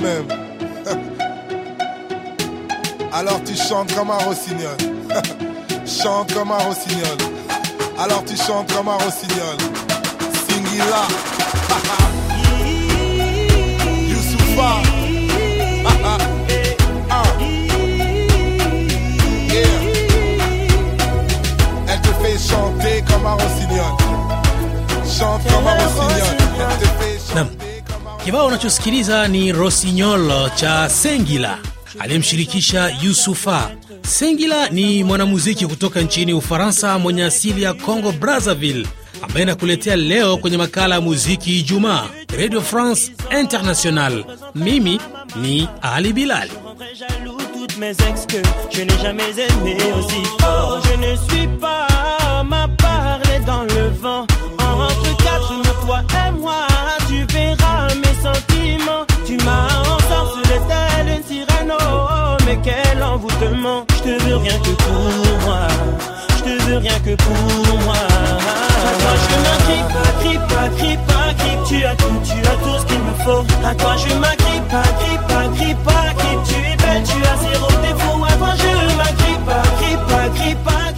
même. Alors tu chantes comme un rossignol. Chante comme un rossignol. Alors tu chantes comme un rossignol. Singila. Youssoufa. Elle te fait chanter comme un rossignol. Chante comme un rossignol. Kibao unachosikiliza ni cha Sengila Yusufa. Sengila ni mwanamuziki kutoka nchini Ufaransa mwenye asili ya Congo Brazzaville, ambaye nakuletea leo kwenye makala ya muziki Radio France International. Mimi ni Ali Bilal. je oh, ne suis pas dans le vent me et moi. je te veux rien que pour moi. Je te veux rien que pour moi. je Tu as tout, tu as tout ce qu'il me faut. À toi je m'agrippe, Tu as zéro défaut.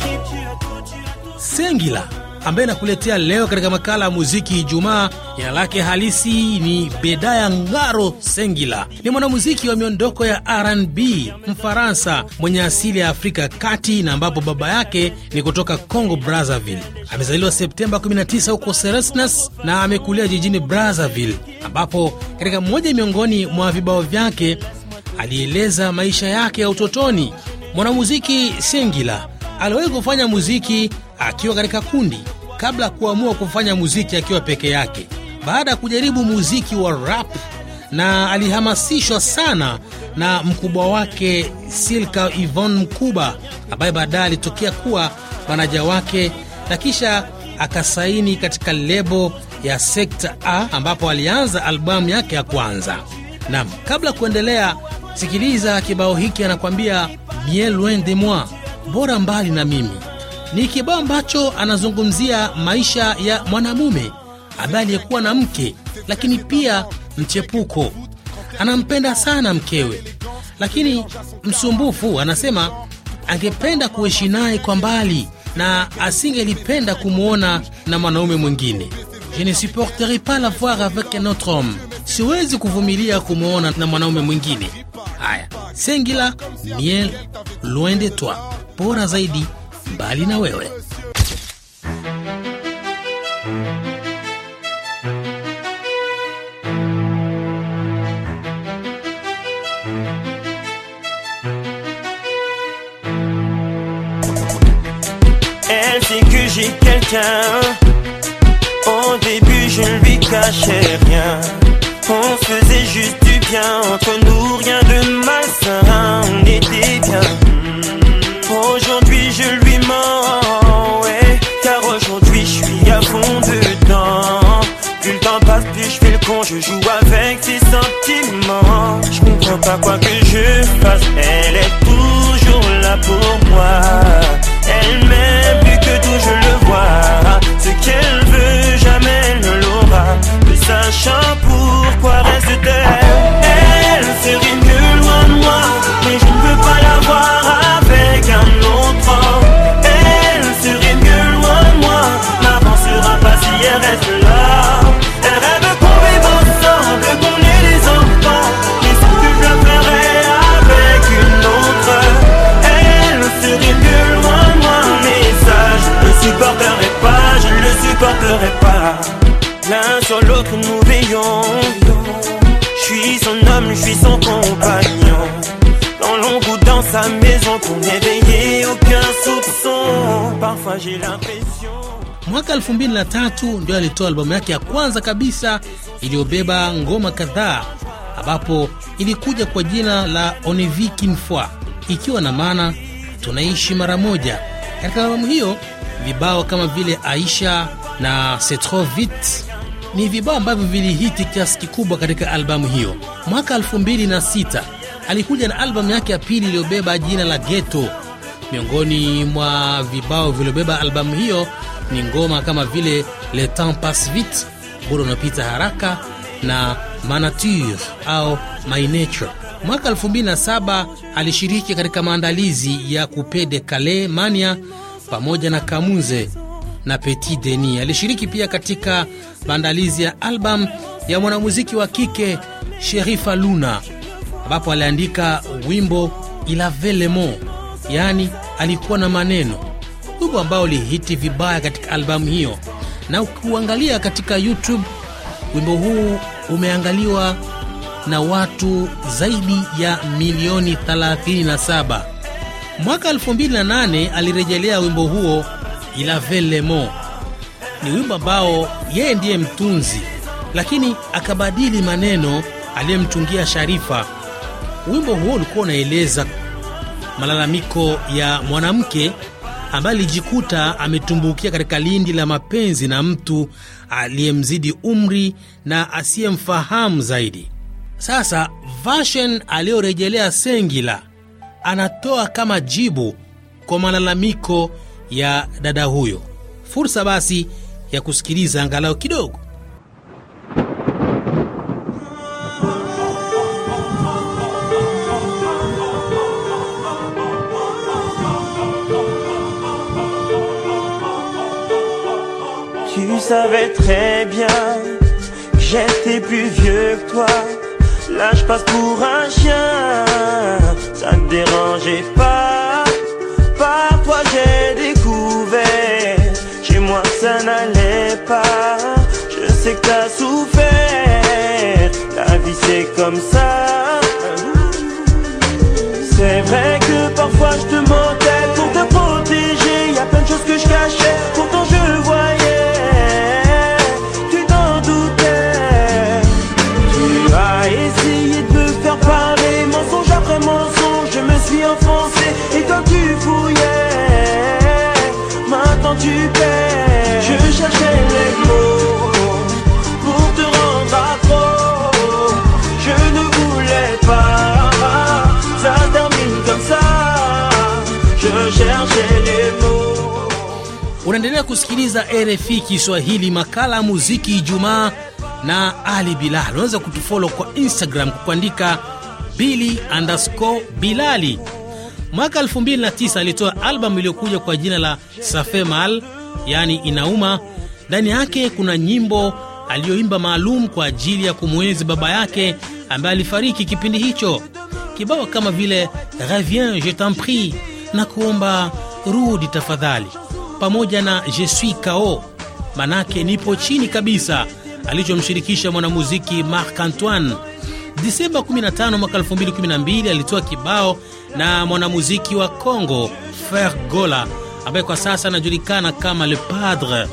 je tout, tu as tout. ambaye nakuletea leo katika makala ya muziki Ijumaa. Jina lake halisi ni Bedaya Ngaro Sengila, ni mwanamuziki wa miondoko ya RnB Mfaransa mwenye asili ya Afrika ya Kati na ambapo baba yake ni kutoka Congo Brazzaville. Amezaliwa Septemba 19 huko Seresnas na amekulia jijini Brazzaville, ambapo katika mmoja miongoni mwa vibao vyake alieleza maisha yake ya utotoni. Mwanamuziki Sengila aliwahi kufanya muziki akiwa katika kundi kabla ya kuamua kufanya muziki akiwa peke yake, baada ya kujaribu muziki wa rap, na alihamasishwa sana na mkubwa wake Silka ivon Mkuba ambaye baadaye alitokea kuwa manaja wake na kisha akasaini katika lebo ya Sekta A ambapo alianza albamu yake ya kwanza. nam kabla ya kuendelea, sikiliza kibao hiki, anakuambia bien loin de moi, bora mbali na mimi ni kibao ambacho anazungumzia maisha ya mwanamume ambaye aliyekuwa na mke, lakini pia mchepuko, anampenda sana mkewe, lakini msumbufu. Anasema angependa kuishi naye kwa mbali na asingelipenda kumwona na mwanaume mwingine. Je ne supporterai pas la voir avec un autre homme, siwezi kuvumilia kumwona na mwanaume mwingine. Haya, Sengila Miel Loin de Toi, bora zaidi mbali Elle sait que j'ai quelqu'un. Au début, je ne lui cachais rien. On faisait juste du bien entre nous, rien de malsain. Je comprends pas quoi que je fasse, elle est toujours là pour moi. Mwaka 2003 ndio alitoa albamu yake ya kwanza kabisa iliyobeba ngoma kadhaa, ambapo ilikuja kwa jina la On ikiwa na maana tunaishi mara moja. Katika albamu hiyo vibao kama vile Aisha na setrovit ni vibao ambavyo vilihiti kiasi kikubwa katika albamu hiyo. Mwaka 2006 alikuja na albamu yake ya pili iliyobeba jina la Ghetto Miongoni mwa vibao vilobeba albamu hiyo ni ngoma kama vile Le Temps Passe Vite, muda unapita haraka, na manature au My Nature. Mwaka 2007 alishiriki katika maandalizi ya kupede de Mania pamoja na Kamuze na Petit Denis. Alishiriki pia katika maandalizi ya albamu ya mwanamuziki wa kike Sherifa Luna ambapo aliandika wimbo Il avait alikuwa na maneno, wimbo ambao ulihiti vibaya katika albamu hiyo, na ukiuangalia katika YouTube wimbo huu umeangaliwa na watu zaidi ya milioni 37. Mwaka 2008 alirejelea wimbo huo Ilave Lemo. Ni wimbo ambao yeye ndiye mtunzi, lakini akabadili maneno aliyemtungia Sharifa. Wimbo huo ulikuwa unaeleza malalamiko ya mwanamke ambaye alijikuta ametumbukia katika lindi la mapenzi na mtu aliyemzidi umri na asiyemfahamu zaidi. Sasa Vashen aliyorejelea Sengila anatoa kama jibu kwa malalamiko ya dada huyo. Fursa basi ya kusikiliza angalau kidogo. savais très bien que j'étais plus vieux que toi. Là je passe pour un chien, ça te dérangeait pas. Par toi j'ai découvert, chez moi ça n'allait pas. Je sais que t'as souffert, la vie c'est comme ça. Unaendelea kusikiliza RFI Kiswahili, makala muziki Ijumaa na Ali Bilal. Unaweza kutufolo kwa Instagram kwa kuandika bili underscore bilali. Mwaka 2009 alitoa albamu iliyokuja kwa jina la Safe Mal, yaani inauma. Ndani yake kuna nyimbo aliyoimba maalum kwa ajili ya kumwenzi baba yake ambaye alifariki kipindi hicho, kibao kama vile Reviens je t'en prie na kuomba rudi tafadhali pamoja na Je suis KO, manake nipo chini kabisa, alichomshirikisha mwanamuziki Marc Antoine. Disemba 15 mwaka 2012 alitoa kibao na mwanamuziki wa Congo gola ambaye kwa sasa anajulikana kama Le Padre.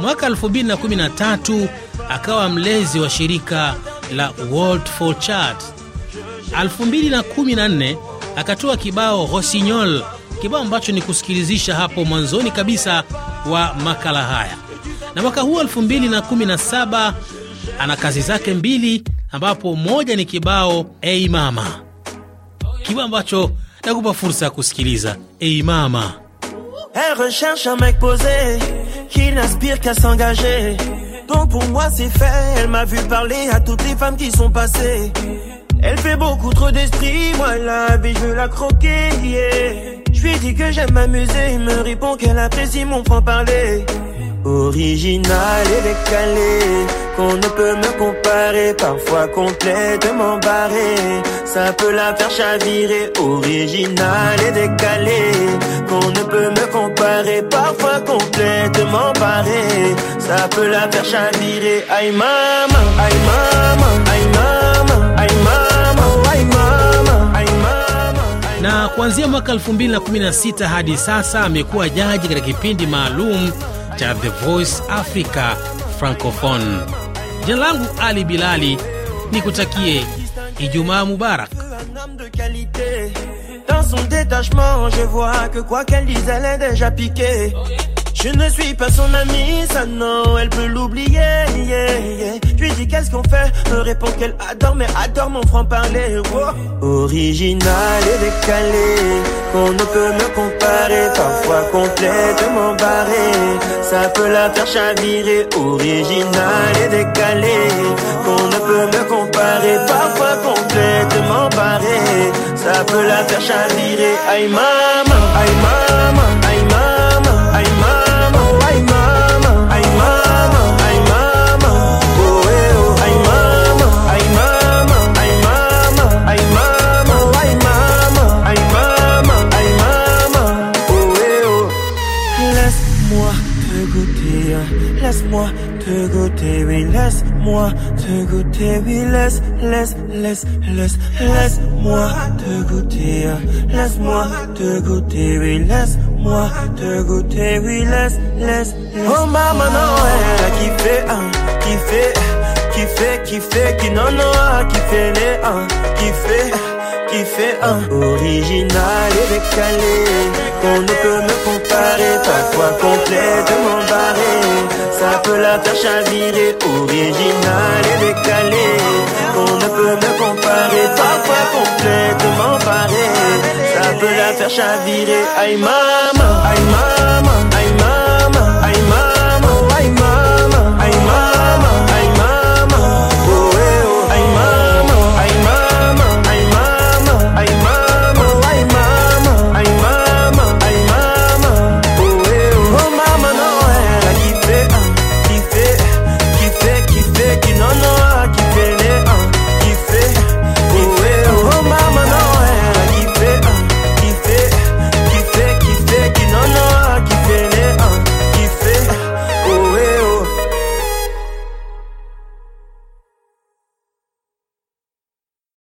Mwaka 2013 akawa mlezi wa shirika la World for Chart. 2014 akatoa kibao Rossignol kibao ambacho ni kusikilizisha hapo mwanzoni kabisa wa makala haya. Na mwaka huu 2017 ana kazi zake mbili, ambapo moja ni kibao Ei Mama, kibao ambacho nakupa fursa ya kusikiliza. Ei Mama Elle recherche un mec posé qui n'aspire qu'à s'engager. Donc pour moi c'est fait, elle m'a vu parler à toutes les femmes qui sont passées. Elle fait beaucoup trop d'esprit, moi la vie je veux la croquer. Yeah. Je que j'aime m'amuser, il me répond qu'elle apprécie mon franc-parler. Original et décalé, qu'on ne peut me comparer, parfois complètement barré, ça peut la faire chavirer. Original et décalé, qu'on ne peut me comparer, parfois complètement barré, ça peut la faire chavirer. Aïe maman, aïe maman. na kuanzia mwaka 2016 hadi sasa amekuwa jaji katika kipindi maalum cha The Voice Africa Francophone. Jina langu Ali Bilali, ni kutakie Ijumaa Mubarak. Dans son détachement, je vois que quoi qu'elle dise, elle est déjà piquée. Je ne suis pas son amie, ça non, elle peut l'oublier. Yeah, yeah. Je lui dis qu'est-ce qu'on fait, me répond qu'elle adore, mais adore mon franc-parler. Original et décalé, qu'on ne peut me comparer. Parfois complètement barré, ça peut la faire chavirer. Original et décalé, qu'on ne peut me comparer. Parfois complètement barré, ça peut la faire chavirer. Aïe maman, aïe maman. te goûter, oui, laisse-moi te goûter, oui, laisse, laisse, laisse, laisse, laisse-moi te goûter, laisse-moi te goûter, oui, laisse-moi te goûter, oui, laisse, laisse, Oh maman, non, elle fait kiffé, hein, kiffé, kiffé, kiffé, qui non, a kiffé les, hein, fait un original et décalé qu'on ne peut me comparer quoi complètement barré ça peut la faire chavirer original et décalé qu'on ne peut me comparer parfois complètement barré ça peut la faire chavirer aïe maman aïe maman aïe